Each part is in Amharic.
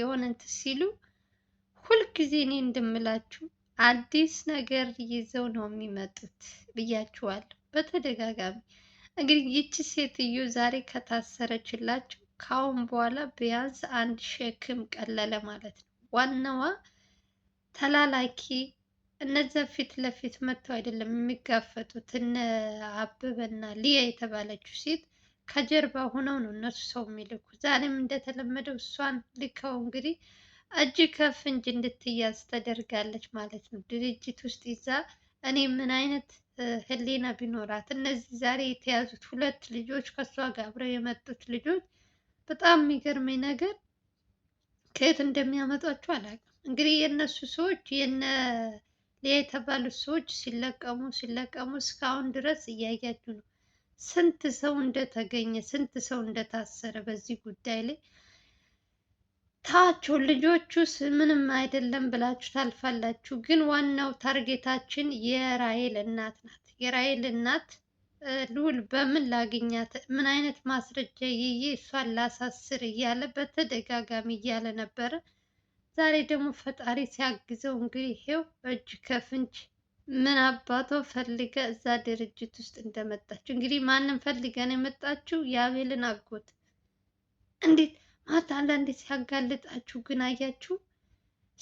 የሆነ እንትን ሲሉ ሁልጊዜ እኔ እንደምላችሁ አዲስ ነገር ይዘው ነው የሚመጡት ብያችኋለሁ በተደጋጋሚ። እንግዲህ ይቺ ሴትዮ ዛሬ ከታሰረችላቸው ካሁን በኋላ ቢያንስ አንድ ሸክም ቀለለ ማለት ነው። ዋናዋ ተላላኪ እነዚያ ፊት ለፊት መጥተው አይደለም የሚጋፈጡት እነ አበበና ሊያ የተባለችው ሴት ከጀርባ ሆነው ነው እነሱ ሰው የሚልኩ። ዛሬም እንደተለመደው እሷን ልከው እንግዲህ እጅ ከፍ እንጂ እንድትያዝ ተደርጋለች ማለት ነው። ድርጅት ውስጥ ይዛ እኔ ምን አይነት ህሊና ቢኖራት እነዚህ ዛሬ የተያዙት ሁለት ልጆች ከእሷ ጋር አብረው የመጡት ልጆች በጣም የሚገርመኝ ነገር ከየት እንደሚያመጧቸው አላውቅም። እንግዲህ የእነሱ ሰዎች የነ ሊያ የተባሉት ሰዎች ሲለቀሙ ሲለቀሙ እስካሁን ድረስ እያያችሁ ነው። ስንት ሰው እንደተገኘ ስንት ሰው እንደታሰረ በዚህ ጉዳይ ላይ ታቸው ልጆቹስ ምንም አይደለም ብላችሁ ታልፋላችሁ። ግን ዋናው ታርጌታችን የራሄል እናት ናት። የራሄል እናት ልዑል በምን ላገኛት፣ ምን አይነት ማስረጃ ይዤ እሷን ላሳስር እያለ በተደጋጋሚ እያለ ነበረ። ዛሬ ደግሞ ፈጣሪ ሲያግዘው እንግዲህ ይሄው እጅ ከፍንጅ ምን አባቷ ፈልገ እዛ ድርጅት ውስጥ እንደመጣችው እንግዲህ ማንም ፈልገን የመጣችው የአቤልን አጎት እንዴት ማታ አንዳንዴ ሲያጋልጣችሁ ግን አያችሁ።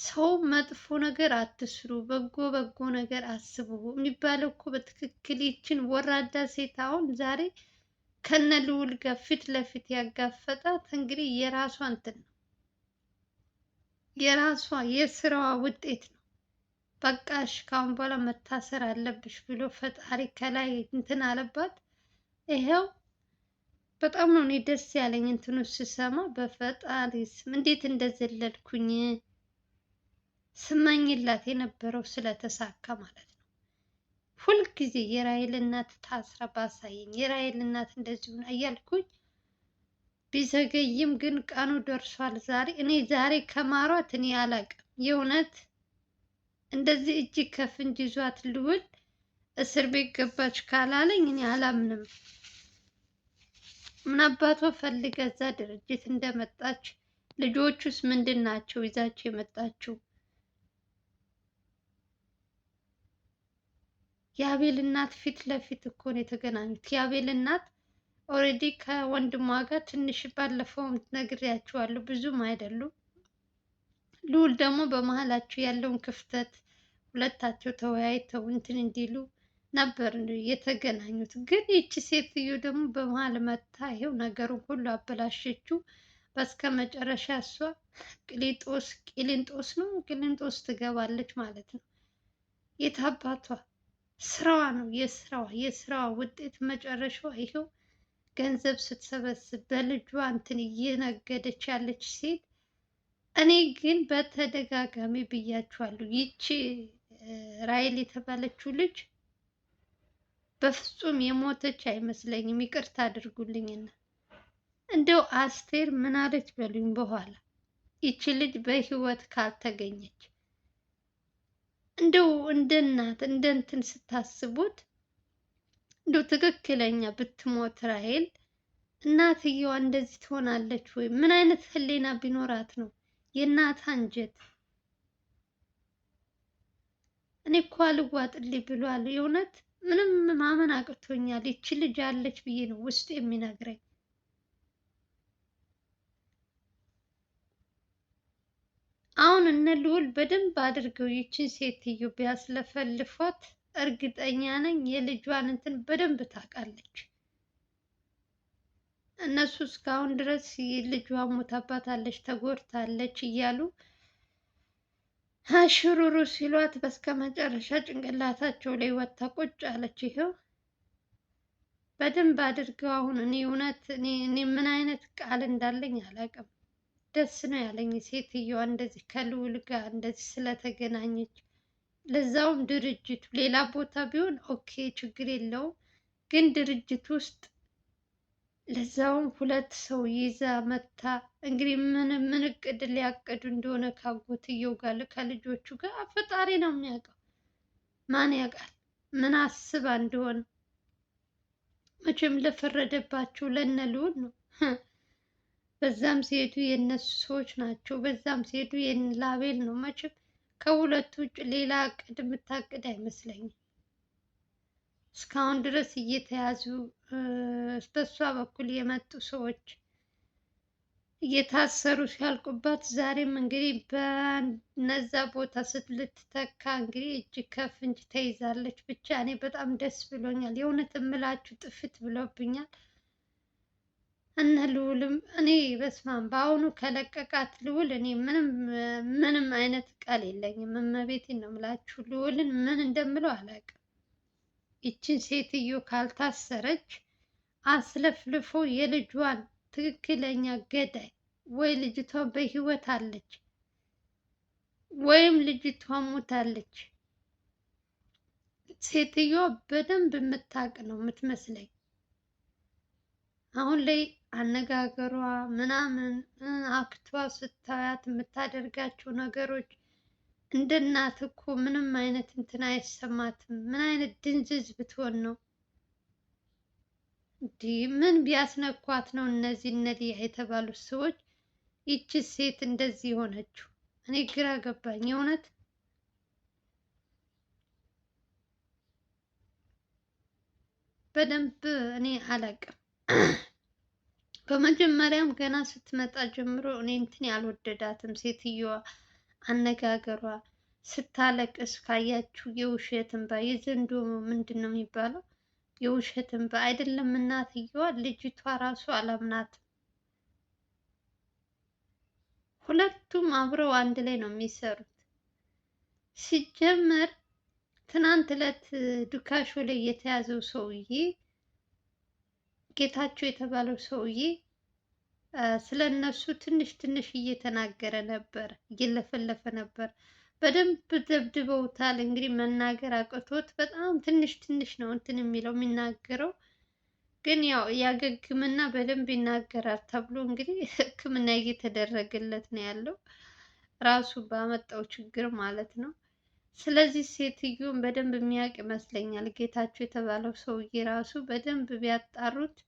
ሰው መጥፎ ነገር አትስሩ፣ በጎ በጎ ነገር አስቡ የሚባለው እኮ በትክክል ይችን ወራዳ ሴት አሁን ዛሬ ከነ ልውል ጋር ፊት ለፊት ያጋፈጣት እንግዲህ የራሷ እንትን ነው፣ የራሷ የስራዋ ውጤት ነው። በቃሽ ካሁን በኋላ መታሰር አለብሽ ብሎ ፈጣሪ ከላይ እንትን አለባት። ይኸው በጣም ነው እኔ ደስ ያለኝ እንትኑ ስሰማ፣ በፈጣሪ ስም እንዴት እንደዘለልኩኝ ስመኝላት የነበረው ስለተሳካ ማለት ነው። ሁልጊዜ የራይል እናት ታስራ ባሳየኝ፣ የራይል እናት እንደዚሁ እያልኩኝ ቢዘገይም ግን ቀኑ ደርሷል። ዛሬ እኔ ዛሬ ከማሯት እኔ አላቅም የእውነት እንደዚህ እጅ ከፍንጅ ይዟት ልውል እስር ቤት ገባች ካላለኝ እኔ አላምንም። ምናባቷ ፈልገ እዛ ድርጅት እንደመጣች ልጆቹስ ምንድን ናቸው ይዛቸው የመጣችው? የአቤል እናት ፊት ለፊት እኮ ነው የተገናኙት። የአቤል እናት ኦልሬዲ ከወንድሟ ጋር ትንሽ ባለፈውም ነግሬያቸዋለሁ ብዙም አይደሉም። ልዑል ደግሞ በመሀላቸው ያለውን ክፍተት ሁለታቸው ተወያይተው እንትን እንዲሉ ነበር የተገናኙት። ግን ይቺ ሴትዮ ደግሞ በመሀል መታ ይሄው ነገሩን ሁሉ አበላሸችው። በስከ መጨረሻ እሷ ቅሊጦስ ቅሊንጦስ ነው ቅሊንጦስ ትገባለች ማለት ነው። የታባቷ ስራዋ ነው የስራዋ የስራዋ ውጤት መጨረሻዋ ይሄው ገንዘብ ስትሰበስብ በልጇ እንትን እየነገደች ያለች ሴት እኔ ግን በተደጋጋሚ ብያችኋለሁ፣ ይቺ ራይል የተባለችው ልጅ በፍጹም የሞተች አይመስለኝም። ይቅርታ አድርጉልኝና እንደው አስቴር ምን አለች በሉኝ በኋላ ይቺ ልጅ በህይወት ካልተገኘች እንደው እንደ እናት እንደ እንትን ስታስቡት እንደው ትክክለኛ ብትሞት ራይል እናትየዋ እንደዚህ ትሆናለች ወይ? ምን አይነት ህሌና ቢኖራት ነው? የእናት አንጀት እኔ እኮ አልዋጥልኝ ብሏል። የእውነት ምንም ማመን አቅቶኛል። ይቺ ልጅ አለች ብዬ ነው ውስጡ የሚነግረኝ። አሁን እነ ልዑል በደንብ አድርገው ይችን ሴትዮ ቢያስለፈልፏት እርግጠኛ ነኝ የልጇን እንትን በደንብ ታውቃለች። እነሱ እስካሁን ድረስ ልጇ ሞታባታለች፣ ተጎድታለች እያሉ አሽሩሩ ሲሏት በስከ መጨረሻ ጭንቅላታቸው ላይ ወጥታ ቁጭ አለች። ይኸው በደንብ አድርገው አሁን እኔ እውነት እኔ ምን አይነት ቃል እንዳለኝ አላውቅም። ደስ ነው ያለኝ ሴትዮዋ እንደዚህ ከልውል ጋር እንደዚህ ስለተገናኘች። ለዛውም ድርጅቱ ሌላ ቦታ ቢሆን ኦኬ ችግር የለውም፣ ግን ድርጅት ውስጥ ለዛውም ሁለት ሰው ይዛ መታ። እንግዲህ ምን ምን እቅድ ሊያቅዱ እንደሆነ ካጎትየው ጋር ከልጆቹ ጋር ፈጣሪ ነው የሚያውቀው። ማን ያውቃል ምን አስባ እንደሆነ። መቼም ለፈረደባቸው ለነ ነው። በዛም ሲሄዱ የእነሱ ሰዎች ናቸው፣ በዛም ሲሄዱ የላቤል ነው። መቼም ከሁለቱ ውጭ ሌላ እቅድ የምታቅድ አይመስለኝም። እስካሁን ድረስ እየተያዙ በሷ በኩል የመጡ ሰዎች እየታሰሩ ሲያልቁባት፣ ዛሬም እንግዲህ በነዛ ቦታ ስትልትተካ እንግዲህ እጅ ከፍ ተይዛለች። ብቻ እኔ በጣም ደስ ብሎኛል። የእውነት እምላችሁ ጥፍት ብሎብኛል። እነ ልዑልም እኔ በስማም በአሁኑ ከለቀቃት ልዑል እኔ ምንም ምንም አይነት ቃል የለኝም። እመቤቴን ነው የምላችሁ ልዑልን ምን እንደምለው አላውቅም። ይችን ሴትዮ ካልታሰረች አስለፍልፎ የልጇን ትክክለኛ ገዳይ ወይ ልጅቷ በህይወት አለች ወይም ልጅቷ ሞታለች። ሴትዮዋ በደንብ የምታውቅ ነው የምትመስለኝ። አሁን ላይ አነጋገሯ ምናምን አክቷ ስታያት የምታደርጋቸው ነገሮች እንደ እናት እኮ ምንም አይነት እንትን አይሰማትም። ምን አይነት ድንዝዝ ብትሆን ነው? እንዲህ ምን ቢያስነኳት ነው እነዚህ እነዚህ የተባሉት ሰዎች ይቺ ሴት እንደዚህ የሆነችው? እኔ ግራ ገባኝ የእውነት። በደንብ እኔ አላቅም። በመጀመሪያም ገና ስትመጣ ጀምሮ እኔ እንትን ያልወደዳትም ሴትየዋ አነጋገሯ ስታለቅስ ካያችሁ የውሸት እንባ የዘንዶ ምንድን ነው የሚባለው? የውሸት እንባ አይደለም። እናትየዋ ልጅቷ ራሱ አላምናትም። ሁለቱም አብረው አንድ ላይ ነው የሚሰሩት። ሲጀመር ትናንት ዕለት ዱካሾ ላይ የተያዘው ሰውዬ ጌታቸው የተባለው ሰውዬ ስለ እነሱ ትንሽ ትንሽ እየተናገረ ነበር፣ እየለፈለፈ ነበር። በደንብ ደብድበውታል። እንግዲህ መናገር አቅቶት በጣም ትንሽ ትንሽ ነው እንትን የሚለው የሚናገረው። ግን ያው ያገግምና በደንብ ይናገራል ተብሎ እንግዲህ ሕክምና እየተደረገለት ነው ያለው ራሱ ባመጣው ችግር ማለት ነው። ስለዚህ ሴትዮን በደንብ የሚያውቅ ይመስለኛል ጌታቸው የተባለው ሰውዬ ራሱ በደንብ ቢያጣሩት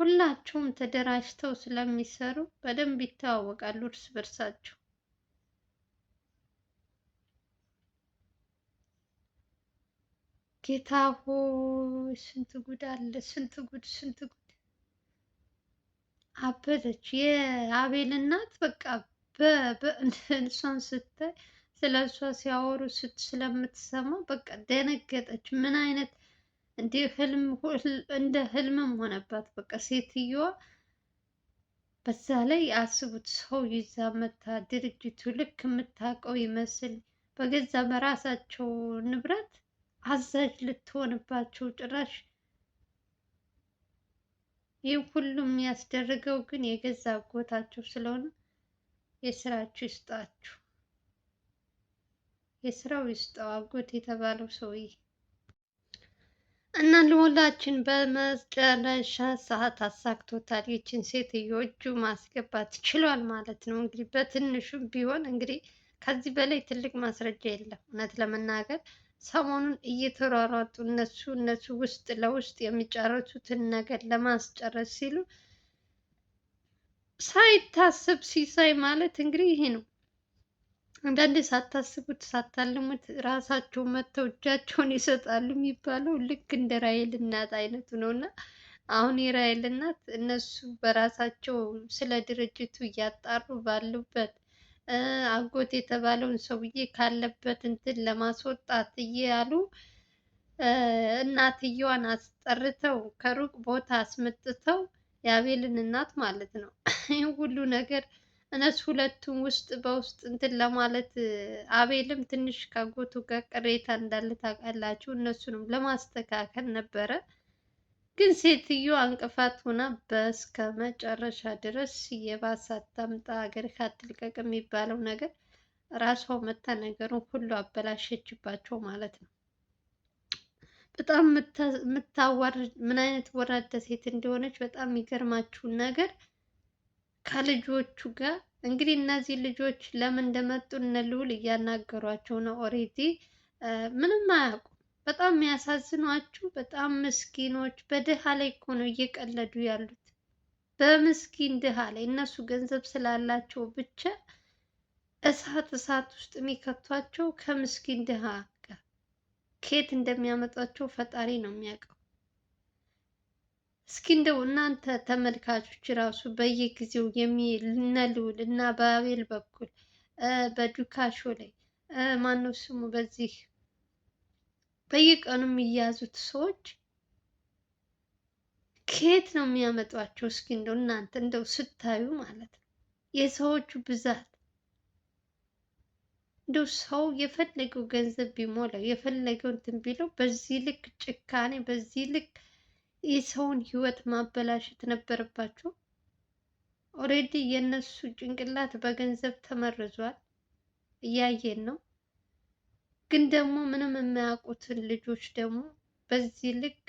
ሁላቸውም ተደራጅተው ስለሚሰሩ በደንብ ይተዋወቃሉ እርስ በርሳቸው። ጌታ ሆይ ስንት ጉድ አለ! ስንት ጉድ ስንት ጉድ! አበደች የአቤል እናት በቃ እሷን ስታይ ስለ እሷ ሲያወሩ ስለምትሰማ በቃ ደነገጠች። ምን አይነት እንዲህ ህልም እንደ ህልምም ሆነባት። በቃ ሴትዮዋ በዛ ላይ አስቡት፣ ሰው ይዛ መታ ድርጅቱ ልክ የምታውቀው ይመስል በገዛ በራሳቸው ንብረት አዛዥ ልትሆንባቸው ጭራሽ። ይህ ሁሉም የሚያስደርገው ግን የገዛ አጎታቸው ስለሆነ የስራችሁ ይስጣችሁ፣ የስራው ይስጠው አጎት የተባለው ሰውዬ። እና ልሞላችን በመጨረሻ ሰዓት አሳክቶታል። ይችን ሴትዮ እጁ ማስገባት ችሏል ማለት ነው። እንግዲህ በትንሹም ቢሆን እንግዲህ ከዚህ በላይ ትልቅ ማስረጃ የለም። እውነት ለመናገር ሰሞኑን እየተሯሯጡ እነሱ እነሱ ውስጥ ለውስጥ የሚጨርሱትን ነገር ለማስጨረስ ሲሉ ሳይታሰብ ሲሳይ ማለት እንግዲህ ይሄ ነው። አንዳንዴ ሳታስቡት ሳታልሙት ራሳቸው መጥተው እጃቸውን ይሰጣሉ የሚባለው ልክ እንደ ራሔል እናት አይነቱ ነው እና አሁን የራሔል እናት እነሱ በራሳቸው ስለ ድርጅቱ እያጣሩ ባሉበት አጎት የተባለውን ሰውዬ ካለበት እንትን ለማስወጣት እያሉ እናትየዋን አስጠርተው ከሩቅ ቦታ አስመጥተው የአቤልን እናት ማለት ነው ይህ ሁሉ ነገር እነሱ ሁለቱም ውስጥ በውስጥ እንትን ለማለት አቤልም ትንሽ ከአጎቱ ጋር ቅሬታ እንዳለ ታውቃላችሁ። እነሱንም ለማስተካከል ነበረ፣ ግን ሴትዮ አንቅፋት ሆና በስከ መጨረሻ ድረስ የባሰ አታምጣ፣ ሀገር ካትልቀቅ የሚባለው ነገር ራሷ መታ ነገሩን ሁሉ አበላሸችባቸው ማለት ነው። በጣም የምታዋርድ ምን አይነት ወራዳ ሴት እንደሆነች በጣም የሚገርማችሁ ነገር ከልጆቹ ጋር እንግዲህ እነዚህ ልጆች ለምን እንደመጡ እነ ልዑል እያናገሯቸው ነው። ኦሬዲ ምንም አያውቁም። በጣም የሚያሳዝኗችሁ በጣም ምስኪኖች። በድሃ ላይ እኮ ነው እየቀለዱ ያሉት፣ በምስኪን ድሃ ላይ። እነሱ ገንዘብ ስላላቸው ብቻ እሳት እሳት ውስጥ የሚከቷቸው ከምስኪን ድሃ ጋር ከየት እንደሚያመጧቸው ፈጣሪ ነው የሚያውቀው። እስኪ እንደው እናንተ ተመልካቾች ራሱ በየጊዜው እነ እና በአቤል በኩል በዱካሾ ላይ ማነው ስሙ በዚህ በየቀኑ የሚያዙት ሰዎች ከየት ነው የሚያመጧቸው? እስኪ እንደው እናንተ እንደው ስታዩ ማለት ነው የሰዎቹ ብዛት እንደው ሰው የፈለገው ገንዘብ ቢሞላው የፈለገው እንትን ቢለው በዚህ ልክ ጭካኔ በዚህ ልክ የሰውን ህይወት ማበላሸት ነበረባቸው። ኦሬዲ የእነሱ ጭንቅላት በገንዘብ ተመርዟል። እያየን ነው። ግን ደግሞ ምንም የማያውቁትን ልጆች ደግሞ በዚህ ልክ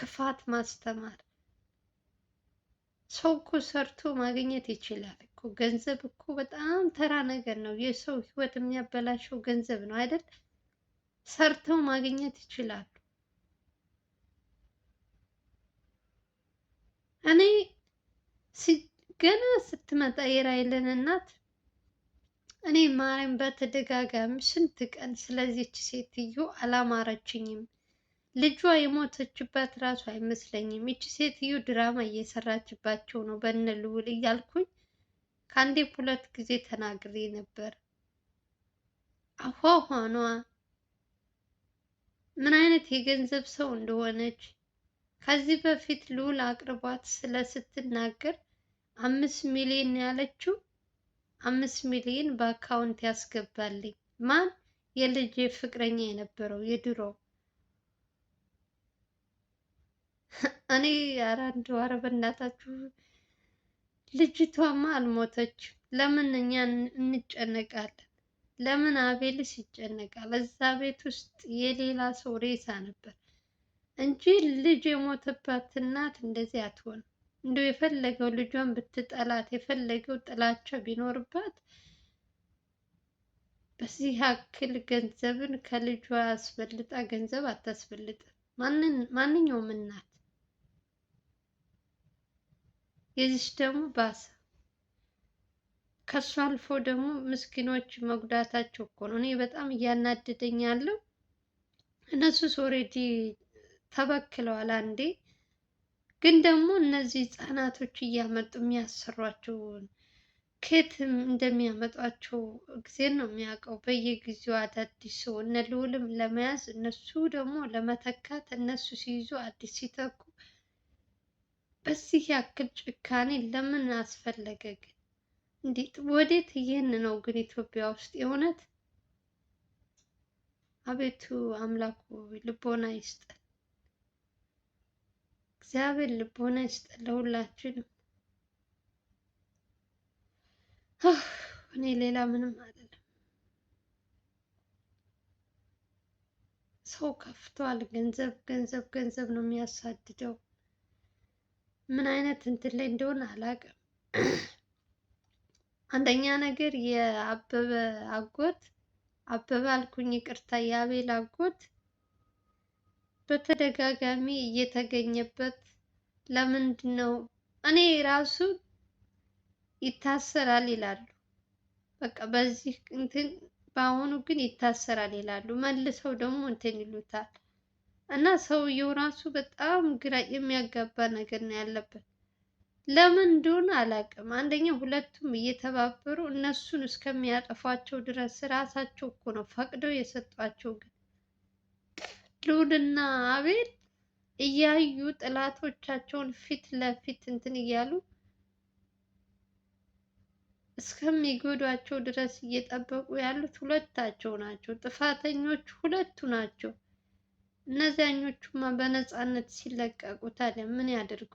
ክፋት ማስተማር። ሰው እኮ ሰርቶ ማግኘት ይችላል እኮ። ገንዘብ እኮ በጣም ተራ ነገር ነው። የሰው ህይወት የሚያበላሸው ገንዘብ ነው አይደል? ሰርተው ማግኘት ይችላል። እኔ ገና ስትመጣ የራይልን እናት እኔ ማርያም በተደጋጋሚ ስንት ቀን ስለዚች ሴትዮ አላማረችኝም። ልጇ የሞተችበት ራሱ አይመስለኝም። ይቺ ሴትዮ ድራማ እየሰራችባቸው ነው በነ እያልኩኝ ከአንዴ ሁለት ጊዜ ተናግሬ ነበር። አፏ ኋኗ ምን አይነት የገንዘብ ሰው እንደሆነች ከዚህ በፊት ልዑል አቅርቧት ስለ ስትናገር አምስት ሚሊዮን ያለችው አምስት ሚሊዮን በአካውንት ያስገባልኝ ማን የልጄ ፍቅረኛ የነበረው የድሮ እኔ አራንድ እንደው በእናታችሁ ልጅቷማ አልሞተች ለምን እኛ እንጨነቃለን? ለምን አቤልስ ይጨነቃል? እዛ ቤት ውስጥ የሌላ ሰው ሬሳ ነበር። እንጂ ልጅ የሞተባት እናት እንደዚህ አትሆንም። እንደው የፈለገው ልጇን ብትጠላት የፈለገው ጥላቻ ቢኖርባት በዚህ ያክል ገንዘብን ከልጇ አስበልጣ ገንዘብ አታስበልጥም ማንኛውም እናት የዚች ደግሞ ባሰ። ከሱ አልፎ ደግሞ ምስኪኖች መጉዳታቸው እኮ ነው እኔ በጣም እያናደደኝ ያለው። እነሱስ ኦልሬዲ ተበክለዋል። አንዴ ግን ደግሞ እነዚህ ህጻናቶች እያመጡ የሚያሰሯቸው ከየትም እንደሚያመጧቸው ጊዜን ነው የሚያውቀው። በየጊዜው አዳዲስ ሰው እነ ልዑልም ለመያዝ እነሱ ደግሞ ለመተካት እነሱ ሲይዙ አዲስ ሲተኩ በዚህ ያክል ጭካኔ ለምን አስፈለገ? ግን እንዴት ወዴት ይህን ነው ግን ኢትዮጵያ ውስጥ የእውነት አቤቱ አምላኩ ልቦና ይስጠን። እግዚአብሔር ልቦና ይስጠን ለሁላችንም። እኔ ሌላ ምንም አይደለም። ሰው ከፍቷል። ገንዘብ ገንዘብ ገንዘብ ነው የሚያሳድደው። ምን አይነት እንትን ላይ እንደሆነ አላውቅም። አንደኛ ነገር የአበበ አጎት አበበ አልኩኝ ይቅርታ፣ የአቤል አጎት በተደጋጋሚ እየተገኘበት ለምንድን ነው እኔ ራሱ ይታሰራል ይላሉ። በቃ በዚህ እንትን በአሁኑ ግን ይታሰራል ይላሉ። መልሰው ደግሞ እንትን ይሉታል እና ሰውየው ራሱ በጣም ግራ የሚያጋባ ነገር ነው ያለበት። ለምን እንደሆነ አላውቅም። አንደኛ ሁለቱም እየተባበሩ እነሱን እስከሚያጠፏቸው ድረስ ራሳቸው እኮ ነው ፈቅደው የሰጧቸው ግን ልዑልና አቤል እያዩ ጥላቶቻቸውን ፊት ለፊት እንትን እያሉ እስከሚጎዷቸው ድረስ እየጠበቁ ያሉት ሁለታቸው ናቸው። ጥፋተኞቹ ሁለቱ ናቸው። እነዚያኞቹማ በነፃነት ሲለቀቁ ታዲያ ምን ያደርጉ?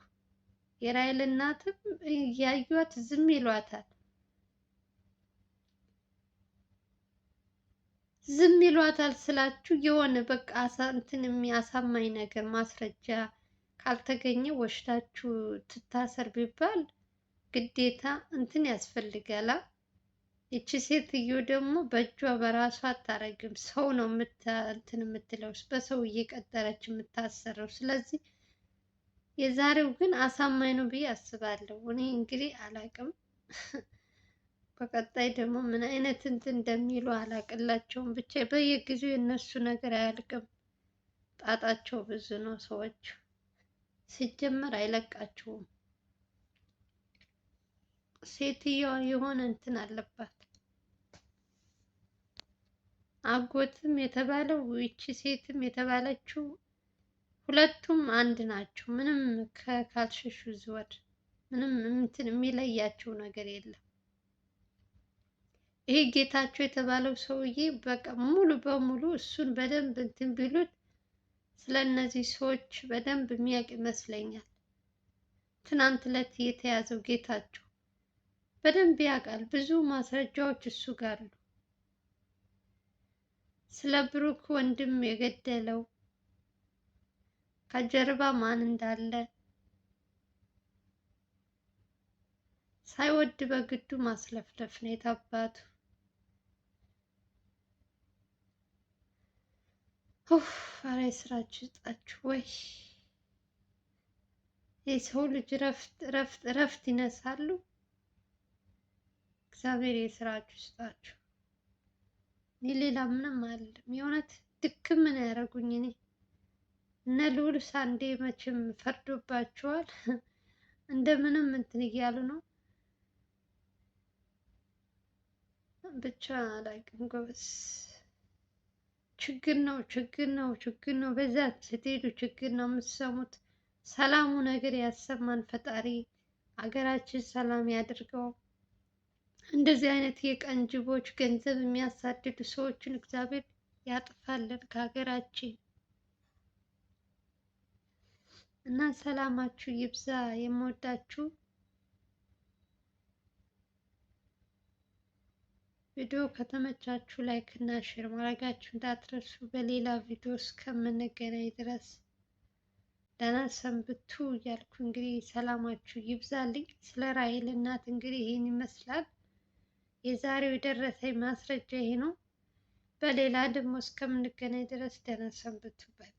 የራይል እናትም እያዩት ዝም ይሏታል። ዝም ይሏታል ስላችሁ የሆነ በቃ እንትን የሚያሳማኝ ነገር ማስረጃ ካልተገኘ ወሽዳችሁ ትታሰር ቢባል ግዴታ እንትን ያስፈልጋል። ይቺ ሴትዮ ደግሞ በእጇ በራሷ አታረግም። ሰው ነው እንትን የምትለው በሰው እየቀጠረች የምታሰረው። ስለዚህ የዛሬው ግን አሳማኝ ነው ብዬ አስባለሁ። እኔ እንግዲህ አላቅም። በቀጣይ ደግሞ ምን አይነት እንትን እንደሚሉ አላቅላቸውም። ብቻ በየጊዜው የነሱ ነገር አያልቅም። ጣጣቸው ብዙ ነው። ሰዎች ሲጀመር አይለቃቸውም። ሴትየዋ የሆነ እንትን አለባት። አጎትም የተባለው ይቺ ሴትም የተባለችው ሁለቱም አንድ ናቸው። ምንም ካልሸሹ ዝወድ ምንም እንትን የሚለያቸው ነገር የለም። ይሄ ጌታቸው የተባለው ሰውዬ በቃ ሙሉ በሙሉ እሱን በደንብ እንትን ቢሉት ስለ እነዚህ ሰዎች በደንብ የሚያውቅ ይመስለኛል። ትናንት ዕለት የተያዘው ጌታቸው በደንብ ያውቃል። ብዙ ማስረጃዎች እሱ ጋር አሉ። ስለ ብሩክ ወንድም የገደለው ከጀርባ ማን እንዳለ ሳይወድ በግዱ ማስለፍለፍ ነው የታባቱ። ኡፍ ኧረ ስራችሁ ይስጣችሁ ወይ! የሰው ልጅ እረፍት እረፍት እረፍት ይነሳሉ። እግዚአብሔር የስራችሁ ይስጣችሁ። እኔ ሌላ ምንም አይደለም። የእውነት ድክም ነው ያደረጉኝ። እኔ እነ ልዑል ሳንዴ መቼም ፈርዶባቸዋል። እንደምንም እንትን እያሉ ነው። ብቻ አላውቅም ጎበዝ ችግር ነው፣ ችግር ነው፣ ችግር ነው። በዛ ስትሄዱ ችግር ነው የምትሰሙት። ሰላሙ ነገር ያሰማን ፈጣሪ፣ አገራችን ሰላም ያድርገው። እንደዚህ አይነት የቀንጅቦች ገንዘብ የሚያሳድዱ ሰዎችን እግዚአብሔር ያጥፋልን ከሀገራችን እና ሰላማችሁ ይብዛ የምወዳችሁ ቪዲዮ ከተመቻችሁ ላይክ እና ሼር ማድረጋችሁ እንዳትረሱ። በሌላ ቪዲዮ እስከምንገናኝ ድረስ ደህና ሰንብቱ እያልኩ እንግዲህ ሰላማችሁ ይብዛልኝ። ስለ ራሄል እናት እንግዲህ ይህን ይመስላል የዛሬው የደረሰኝ ማስረጃ ይሄ ነው። በሌላ ደግሞ እስከምንገናኝ ድረስ ደህና ሰንብቱበት።